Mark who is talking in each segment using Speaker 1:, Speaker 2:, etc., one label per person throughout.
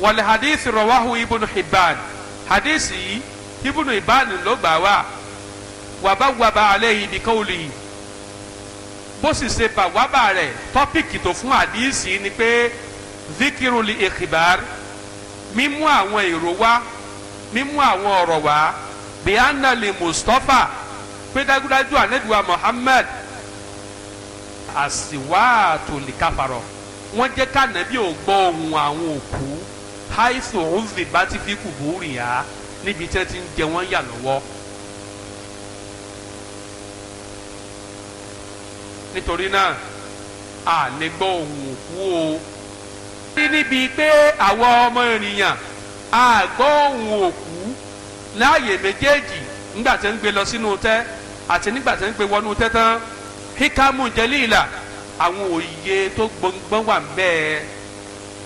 Speaker 1: wal hadith rawahu ibnu hibban hadith yìí ibnu hibban ló gbà wá wàbáwàbá alayhi bi qawlihi bó sì ṣe bàwábà rẹ̀ tọ́pìkì tó fún hadith ni pé zikiru li ikhbar mímú àwọn èrò wá mímú àwọn ọ̀rọ̀ wá bí mustapha pé dájúdájú anabiwa àsìwáàtò lìkàfàrọ̀ wọ́n jẹ́ kànábì ò gbọ́ ohùn àwọn òkú haisu ounzi bati fi kuburi ya níbi tí wọ́n ti ń jẹ wọ́n yà lọ́wọ́ nítorí náà a lè gbọ́ ohùn òkú o rí níbi pé àwọn ọmọ ènìyàn a gbọ́ ohùn òkú láàyè méjèèjì nígbà tí wọ́n ń gbé lọ sínú tẹ́ àti nígbà tí wọ́n ń gbé wọnú tẹ́ tán híkàmù jẹ́lí ìlà àwọn òye tó gbọ́ngbọ́n wà bẹ́ẹ̀.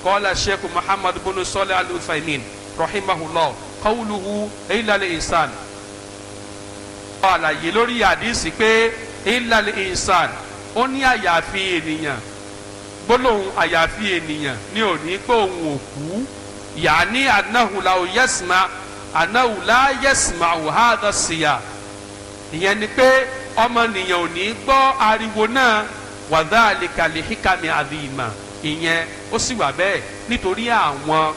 Speaker 1: قال الشيخ محمد بن صالح العثيمين رحمه الله قوله إلا الإنسان àlàyé lórí àdìsí pé إلا الإنسان ó ní àyàfi ènìyàn gbólóhùn àyàfi ènìyàn ní òní pé òun ò kú yàní anahu la yasma anahu la yasma òhádà síyà ìyẹn ni pé ọmọnìyàn ò ní gbọ́ ariwo náà wàdà àlìkàlì híkàmì àdìmà ìyẹn ó sì wà bẹ́ẹ̀ nítorí àwọn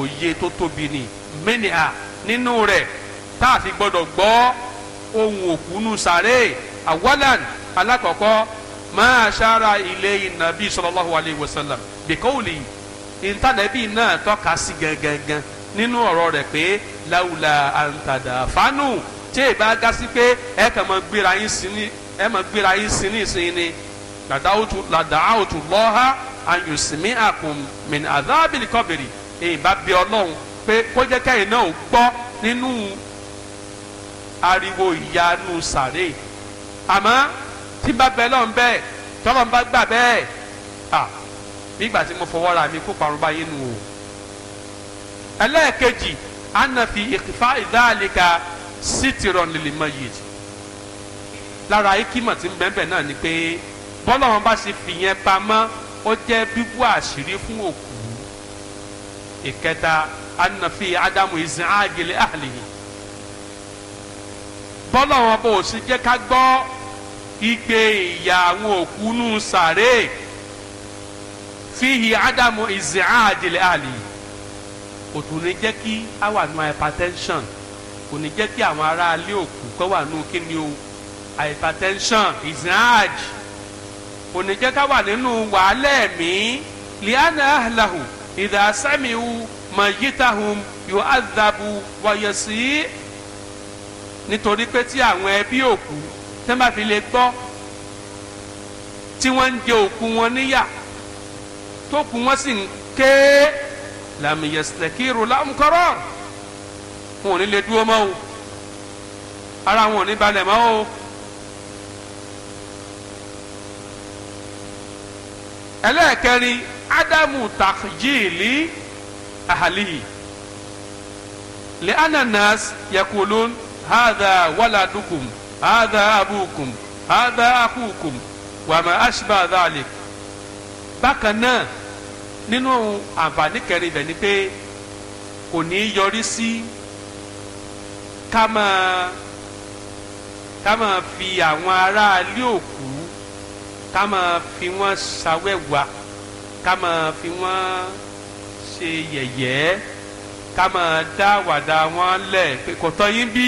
Speaker 1: òye tó tóbi ni mẹ́nìà nínú rẹ̀ tá a fi gbọ́dọ̀ gbọ́ ohun òkú nù sàré awalan alákọ̀ọ́kọ́ máa ṣára ilé ìnàbí sallallahu alayhi wa sallam bìkọ́ọ̀lì ìntànẹ́bí náà tọ́ka sí gangan nínú ọ̀rọ̀ rẹ̀ pé láwùlà àǹtàdà fánù tí èèbá ga sí pé ẹ kàn mọ gbéra yín sí ní ẹ mọ gbéra yín sí ní ìsìn ni làdáwòtú làdáwòtú lọ́ha ayùsùnmí àkùn mìn àdábìlì kọ́bìrì ìbá bí ọlọ́run pé kó jẹ́ kẹ́yìn náà ó gbọ́ nínú ariwo ìyanu sàré àmọ́ tí bá bẹ lọ́n bẹ́ẹ̀ tọ́lọ́n bá gbà bẹ́ẹ̀ à nígbà tí mo fọwọ́ ra mi kó parun báyìí nù o. ẹlẹ́ẹ̀kejì anafi ìkìfà ìdáàlíkà sítìrọ̀ nílìmọ̀ yìí lára ikímọ̀ tí ń bẹ́ẹ̀ bẹ́ẹ̀ náà ni pé bọ́lọ́wọ́n bá ṣe fìyẹn pamọ́ ó jẹ́ bíbú àṣírí fún òkú ìkẹta anafi adamu ìsìn ágìlẹ̀ àlìyé bọ́lá wọn bò sí jẹ́ ká gbọ́ igbe ìyá àwọn òkú nù sàré fíhi adamu ìsìn ágìlẹ̀ àlìyé kò ní jẹ́ kí á wà nù hypertension kò ní jẹ́ kí àwọn aráalé òkú kọ́ wà nù kí ni o hypertension ìsìn ágìlẹ̀ kò ní jẹ́ ká wà nínú wàhálà ẹ̀mí liana ahlahu idha sami'u mayitahum yu'adhabu wa yasi nítorí pé tí àwọn ẹbí òkú tẹ́ bá fi lè gbọ́ tí wọ́n ń jẹ òkú wọn níyà tó kú wọ́n sì ń ké lam yastakiru wọn ò ní lè dúró mọ́ o ara wọn ò ní balẹ̀ mọ́ o. ẹlẹ́ẹ̀kẹrin ádámù takjìlì ahàlìyì lẹ́ánà nas yakulun hadha waladukum hadha abukum hadha akukum wàmà ashba dhalik bákan náà nínú àǹfààní kẹrin bẹ̀ ni pé kò ní í yọrí sí ká máa ká máa fi àwọn aráalé òkú Kama máa fi wọ́n ṣàwẹ́wà ká máa fi wọ́n ṣe yẹ̀yẹ́ ká da dá wàdà wọn lẹ̀ pé kò tọ́ yín bí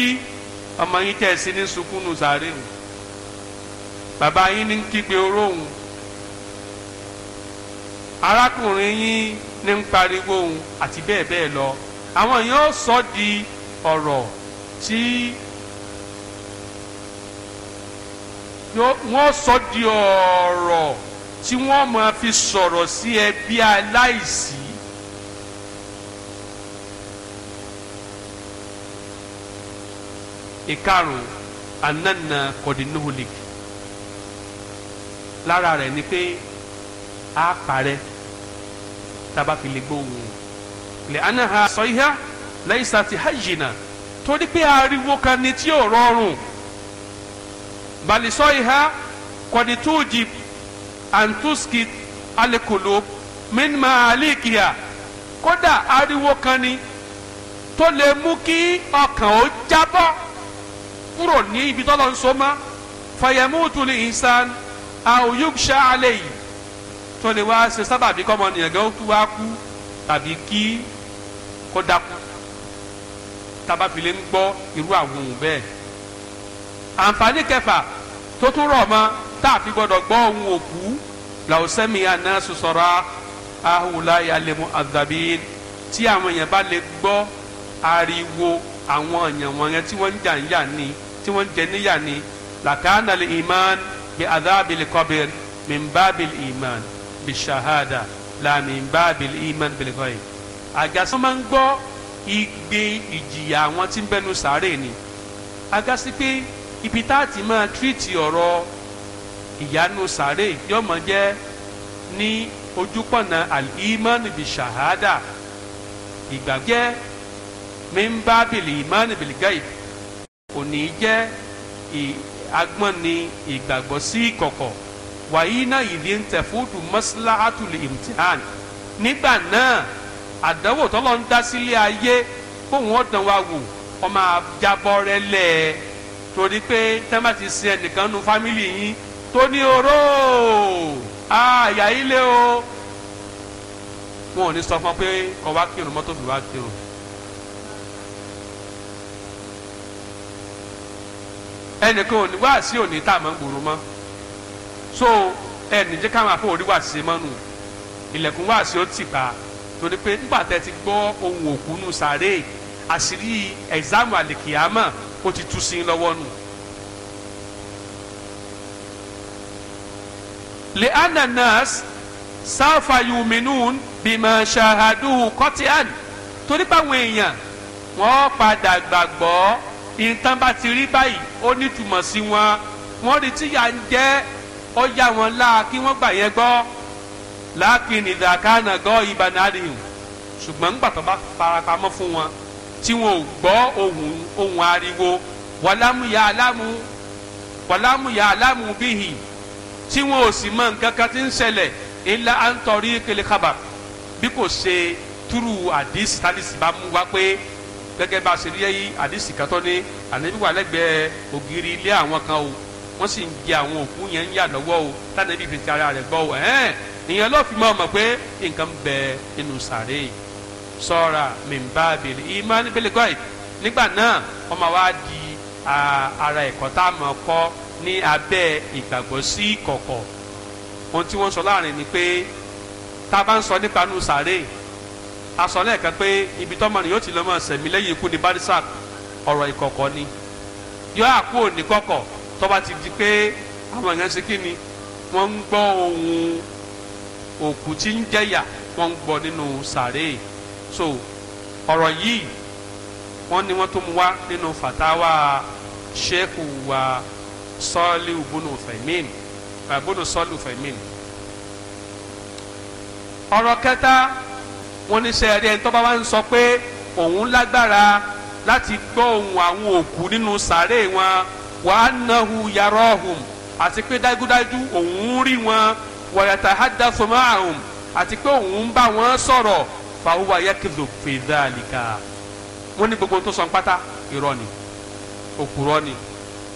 Speaker 1: ọmọ yín tẹ̀ sí ní sukunu sáré o bàbá yín ní kígbe oróhùn arákùnrin yín ní pariwo òun àti bẹ́ẹ̀ bẹ́ẹ̀ lọ àwọn yóò sọ di ọ̀rọ̀ tí wọ́n sọ di ọ̀rọ̀ tí wọ́n máa fi sọ̀rọ̀ sí ẹbí aláìsí. ìkarùn anana kọdínuhulik lára rẹ̀ ni pé a parẹ́ taba fi lè gbóhùn lè anaha sọ ihá lẹ́yìn sàtì hajjina torí pé ariwo kan ni tí ò rọrùn bali soiha qad tujib an tuskit min maalikiya kódà ariwo kan ni tó lè mú kí ọkàn ó jábọ́ kúrò ní ibi tọ́lọ́ ń so mọ́ fayamutu li insan aw yugsha alayhi tó lè wá ṣe sábàbí kọ́mọ nìyẹn gan tó wá kú tàbí kí kó dákú tábàfilé ń gbọ́ irú àwọn òun bẹ́ẹ̀ àǹfààní kẹfà tó tún rọ̀ mọ́ tá a fi gbọ́dọ̀ gbọ́ ohun òkú làwùsẹ́mi àná sọ̀rọ̀ ahùlá yàlẹ́mu àdàbí tí àwọn èèyàn bá lè gbọ́ ariwo àwọn èèyàn wọ̀nyẹn tí wọ́n ń jà ń yà ni tí wọ́n ń jẹ níyà ni làkàánà lè ìmán bí adábìlì kọ́bìr mìmbábìl ìmán bí ṣahada làmìmbábìl ìmán bìlìkọ́yì. àgàsí máa ń gbọ́ igbe ìjìyà àwọn tí ń bẹnu sàárè ni àgàsí pé ibi tá a ti máa tírìtì ọ̀rọ̀ ìyanu sàárè yóò máa jẹ́ ní ojúpọ̀nà bi shahada ìgbàgbẹ́ mímbábìlì imani bil gaib kò ní í jẹ́ agbọ́n ni ìgbàgbọ́ sí ìkọ̀kọ̀ wàyí náà ìdí ń tẹ̀ fúdù maslahatul imtihan nígbà náà àdánwò tọ́lọ́ ń dá sílé ayé kóun ọ̀dàn wa wò ọmọ àjábọ̀ rẹ lẹ́ẹ̀ torí pé tẹ́lá ti sin ẹnìkan nu fámìlì yín tó ní oró àyà ilé o wọn ò ní sọ fún ọ pé kọ wá kírun mọ́tò fi wá kírun. ẹnìkan ò ní wá sí òní tá a máa ń gbòòrò mọ́ so ẹnì jẹ́ káwọn àpò orí wá sí mọ́nu ilẹ̀kùn wá sí ó tì pa torí pé nígbà tẹ́ ti gbọ́ ohun òkú nù sàréè àṣírí ẹ̀zámù àlìkìyámà ó ti tú sí lọ́wọ́ nù. lè anna nas sáfà yuminun bímọ ṣahadu kọtíán torí báwọn èèyàn wọ́n padà gbàgbọ́ ìtàn bá ti rí báyìí ó nítumọ̀ sí wọn wọ́n rí tíyà ń jẹ́ ó yá wọn láà kí wọ́n gbà yẹn gbọ́ láàkín ìdàkánà gọ́ ìbànárì ṣùgbọ́n ńgbà tó bá farapamọ́ fún wọn tí wọn ò gbọ́ ohùn ohùn ariwo wàlámùyà alámù wàlámùyà alámù bíhì tí wọn ò sì mọ nǹkan kan tí ń ṣẹlẹ̀ ńlá à ń tọrí kele kaba bí kò ṣe túrú àdìsí tálísì bá mú wá pé gẹ́gẹ́ bá a ṣe rí yẹ́yí àdìsí kan tó ní ànábì wà lẹ́gbẹ̀ẹ́ ògiri ilé àwọn kan o wọ́n sì ń jẹ àwọn òkú yẹn ń yà lọ́wọ́ o tánàbí fi ti ara rẹ̀ gbọ́ o ẹ̀ẹ́n ìyẹn ló fi mọ́ ọmọ pé nǹkan bẹ inú sàréè sọ́ra mimbabili ìmánì bílígọ́ì nígbà náà wọ́n máa wá di ara ẹ̀kọ́ tá a mọ̀ kọ́ ní abẹ́ ìgbàgbọ́ sí kọ̀kọ̀ ohun tí wọ́n sọ láàrin ni pé tá a bá ń sọ nípa nu sàárè a sọ lẹ́ẹ̀kan pé ibi tọ́mọ rẹ̀ yóò ti lọ́mọ sẹ̀mí lẹ́yìn ikú ní barisak ọ̀rọ̀ ìkọ̀kọ̀ ni yóò àkú òní kọ̀kọ̀ tó bá ti di pé àwọn èèyàn ṣe kí ni wọ́n ń gbọ́ ohun òkú tí ń jẹ̀yà wọ́n ń gbọ́ nínú sàárè yìí so ọ̀rọ̀ yìí wọ́n ní wọ́n tó mu wá nínú fatawa sheku wa sọ́ọ́lì ubunu fẹ̀mín ubunu eh, sọ́ọ́lì fẹ̀mín ọ̀rọ̀ kẹta wọ́n ní sẹ́yìn ẹ̀rí ẹni tó bá wá ń sọ pé òun lágbára láti gbọ́ ohùn àwọn òkú nínú sàárè wọn wàá nahu yàrá ọ̀hún àti pé dájúdájú òun rí wọn wàyàtà hádà fọmọ́ àhùn àti pé òun bá wọn sọ̀rọ̀ fàwọ́ ayẹ́kẹ́dọ̀ fèdà nìkà wọ́n ní gbogbo tó sọ pátá irọ́ ni òkúrọ́ ni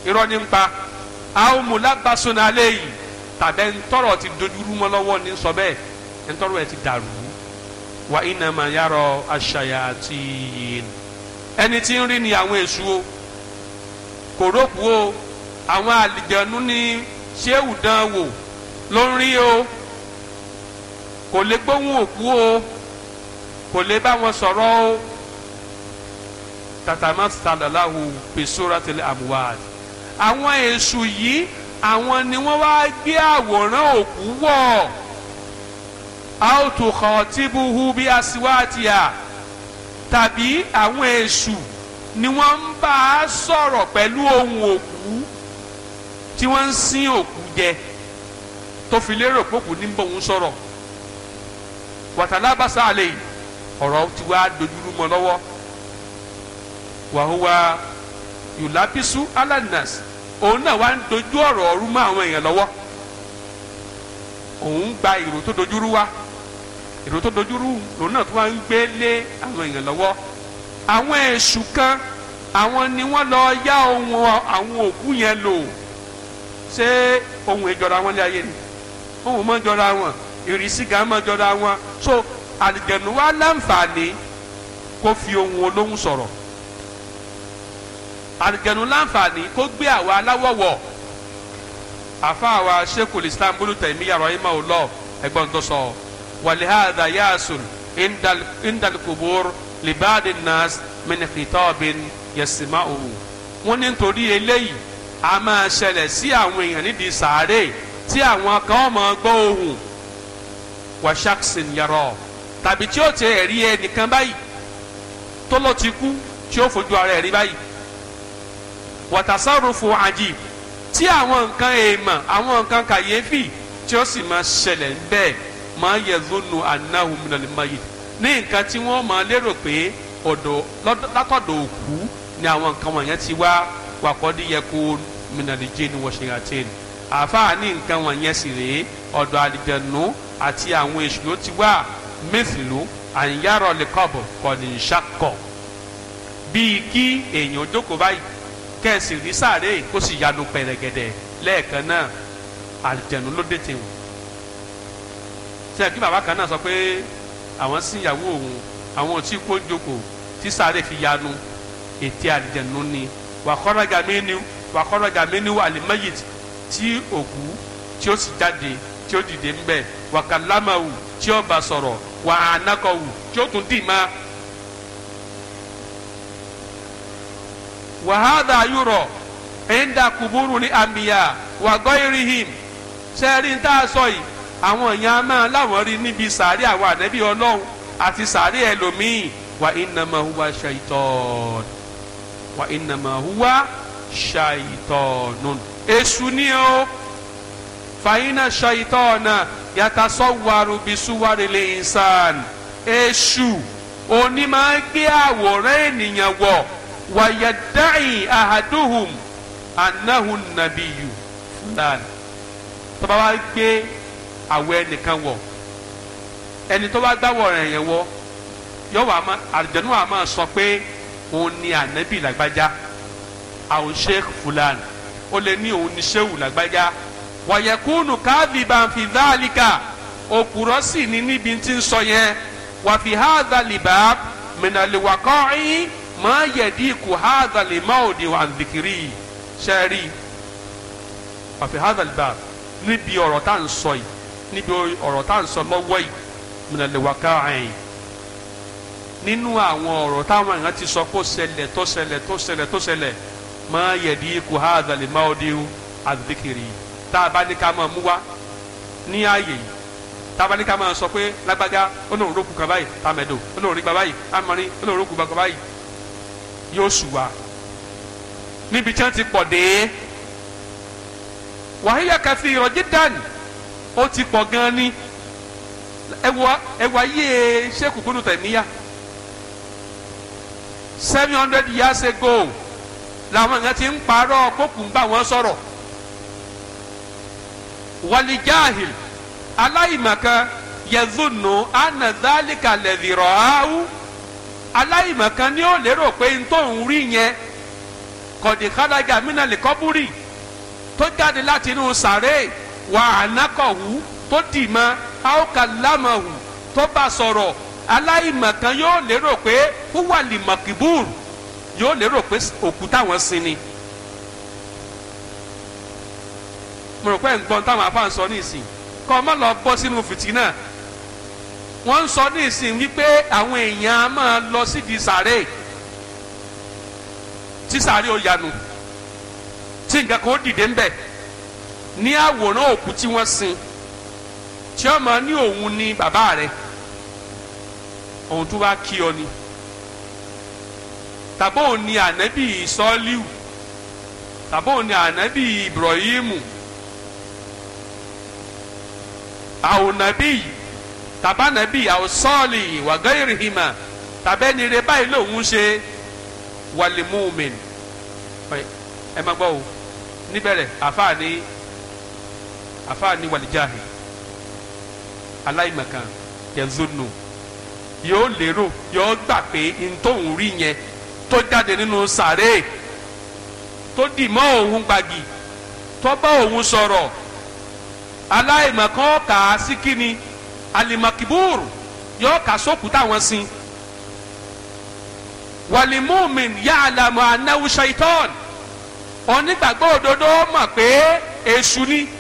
Speaker 1: irọ́ ni ń pa àwọn mùlábàṣọ́nà alẹ́ yìí tàbẹ́ ntọ́rọ̀ ti dojúrú mọ́ lọ́wọ́ ní sọ bẹ́ẹ̀ ntọ́rọ̀ ẹ̀ ti dàrú wa ìnàmà yàrá aṣàyà àti yìnyín ẹni tí ń rí ni àwọn èṣù o kò o àwọn àlìjẹ̀nu ni ṣéwù wò ló ń rí o kò lè gbóhùn òkú o kò lè bá wọn sọ̀rọ̀ o tàtàmà sàdàláhù pèsòrà tẹlẹ àmúwáàdì àwọn èṣù yìí àwọn ni wọ́n wá gbé àwòrán òkú wọ̀ àwòtò khatibuhu bí aṣíwáàtìyà tàbí àwọn èṣù ni wọ́n ń bá a sọ̀rọ̀ pẹ̀lú ohun òkú tí wọ́n ń sin òkú jẹ tó fi lérò pé òkú ní bóun sọ̀rọ̀ wàtàlábàṣà àlẹ́ yìí ọ̀rọ̀ ti wá dojúrú mọ́ lọ́wọ́ wàhùwà yòlábísú alanas òun náà wá ń dojú ọ̀rọ̀ ọ̀rú mọ́ àwọn èèyàn lọ́wọ́ òun ń gba èrò tó dojúrú wá èrò tó dojúrú lòun náà tó wá ń gbé lé àwọn èèyàn lọ́wọ́ àwọn èṣù kan àwọn ni wọ́n lọ yá ohun àwọn òkú yẹn lò ṣé ohun ìjọra wọn lé ayé ni ohun mọ́ jọra wọn ìrísí gan mọ́ jọra wọn so àlìjẹ̀nù wa láǹfààní kó fi ohun olóhùn sọ̀rọ̀ àlìjẹ̀nù láǹfààní kó gbé àwa aláwọ̀ wọ̀ àfa wa sheikhul islam bulu tẹ̀mí yàrá ìmọ̀ ọ̀lọ́ ẹ̀gbọ́n tó sọ wàlíhàdà yaasul indalkubur libadi nas minikitobin yasimauhu wọn ní nítorí eléyìí a máa ṣẹlẹ̀ sí àwọn èèyàn nídìí sàárè tí àwọn kan máa gbọ́ ohùn wàṣàkṣin yàrá tàbí tí ó tiẹ̀ rí ẹnìkan báyìí tó ló ti kú tí ó fojú ara ẹ̀ rí báyìí wàtàsárufu àjì tí àwọn nǹkan èèmọ̀ àwọn nǹkan kàyéfì tí ó sì máa ṣẹlẹ̀ bẹ́ẹ̀ máa yẹ lónù anáhùn mílíọ̀nùmáyì ní nǹkan tí wọ́n máa lérò pé ọ̀dọ̀ látọ̀dọ̀ òkú ni àwọn nǹkan wọ̀nyẹn ti wá wàkọ́dí yẹ kó mílíọ̀nùjẹ́ ni wọ́n ṣe ra tẹ́lẹ̀ àfáà ní nǹkan wọ̀nyẹn sì rèé ọ̀dọ̀ àlìjẹ̀nù àti àwọn èṣù ló ti wá mẹ́sìlú àyàrọ̀ lẹ́kọ̀bù kọ̀nìṣàkọ̀ bíi kí èèyàn jókòó báyìí kẹ́sì rí sáré kó sì yanu pẹ̀rẹ̀gẹ̀dẹ̀ lẹ́ẹ̀kan náà àlìjẹ̀nu ló dé tèwọ̀n tí ẹ̀kí bàbá kan náà sọ pé àwọn sí ìyàwó òun àwọn tí kò ń jókòó tí sáré fi yanu ètè àlìjẹ̀nu ni wàkọ́rọ́gà mẹ́ni wàkọ́rọ́gà mẹ́ni wà lè òkú tí ó sì jáde tí ó dìde ńbẹ wàkàlámàwù tí ó bá sọ̀rọ̀ wà á nakọ̀ wù tí ó tún dì má. wàhádà yúrọ̀ ẹ̀ńdà kùbúrú ní àmbíyà wà gọ́ irihim sẹ́ẹ̀rí ń tá a sọ yìí àwọn èèyàn máa láwọn rí níbi sàárè àwọn ànábì ọlọ́run àti sàárè ẹlòmíì wà ìnàmà huwa ṣàìtọ́n wà ìnàmà huwa ṣàìtọ́n èṣù ni ó fàyínà ṣàìtọ́n náà yatasọ́wárù bí súwárìlẹ̀ ìsàn èṣù òní máa ń gbé àwòrán ènìyàn wọ̀ wàyẹ̀dáì àhàdùhùm ànáhùn nàbíyù fúlàn tó bá wá gbé àwọ̀ ẹnìkan wọ̀ ẹni tó bá gbáwọ̀ rẹ̀ yẹn wọ̀ yọ wà má àlùjànnú wa máa sọ pé òun ni ànábì làgbájá àwọn sheikh fúlàn ó lè ní òun ni shehu làgbájá wàyẹ̀kúnù káàdìbàǹfì dáàlíkà òkùrọ̀ sì ní níbi tí ń sọ yẹn wàfi háàdàlìbà mìnàlìwàkọ́ ẹ̀yìn máa yẹ̀dí ikú háàdàlìmọ́ òdì wà ń dìkìrì ṣẹ́ẹ̀rì wàfi háàdàlìbà níbi ọ̀rọ̀ tá à ń sọ yìí níbi ọ̀rọ̀ tá à ń sọ lọ́wọ́ yìí mìnàlìwàkọ́ nínú àwọn ọ̀rọ̀ táwọn èèyàn ti sọ kó ṣẹlẹ̀ tó ṣẹlẹ̀ tó ṣẹlẹ̀ tó ṣẹlẹ̀ máa yẹ̀dí ikú háàdàlìmọ́ òdì wà ń yìí tá a bá ní ká máa mú wá ní ààyè yìí tá a bá ní ká máa sọ pé lágbájá ó náà rókù kan báyìí tàmẹ̀dò ó náà rí gba báyìí amọ̀rin ó náà rókù kan báyìí yóò sù wá níbi tí wọ́n ti pọ̀ dé wàhíyà kàfi ìrọ̀jì dání ó ti pọ̀ gan-an ni ẹwà ẹwà sẹ́kù gbónú tẹ̀míyà seven hundred years ago làwọn èèyàn ti ń parọ́ kókùn wọn sọ̀rọ̀ walijahil aláìmọ̀kan yẹzùnù anazalika lẹ́dìrọ̀ áwù aláìmọ̀kan ni ó lérò pé n tó ń rí yẹn kọ̀dìkálága mínàlì kọ́búrì tó jáde láti inú sàré wà ánákọ̀wù tó dì mọ́ àwòkàlámọ̀wù tó bá sọ̀rọ̀ aláìmọ̀kan yóò lérò pé húwàlì mọ̀kìbúrù yóò lérò pé òkúta wọn sin mo rò pé ń gbọ́n táwọn afáàn sọ ní ìsìn kọ́ ọ má lọ bọ́ sínú fìtínà wọ́n ń sọ ní ìsìn wípé àwọn èèyàn á máa lọ sídìí sàárè tí sàárè ó yanu tí nǹkan kan ó dìde ń bẹ̀ ní àwòrán òkú tí wọ́n sin tí ó máa ní òun ni bàbá rẹ̀ òun tó bá kí ọ ni tàbí ni ànábì sọ́ọ́líù tàbí ni ànábì Ibrahimu awo nabi taba nabi awo sọọli wagairihima tabẹ nire báyìí lòun ṣe walimumin ẹ ma gbọ́ o níbẹ̀rẹ̀ àfààní àfààní walijahi aláìmọ̀kan yẹnzónù yóò lérò yóò gbà pé ntòun rí yẹn tó jáde nínú sàréè tó dì mọ́ òun gbàgì tó bá òun sọ̀rọ̀ aláìmọ̀kan kà á sí kíni alimakiburu yóò kà sókù táwọn sin walimumin yaalamu anahu shaitan onígbàgbọ́ òdodo mọ̀ pé èṣù ni.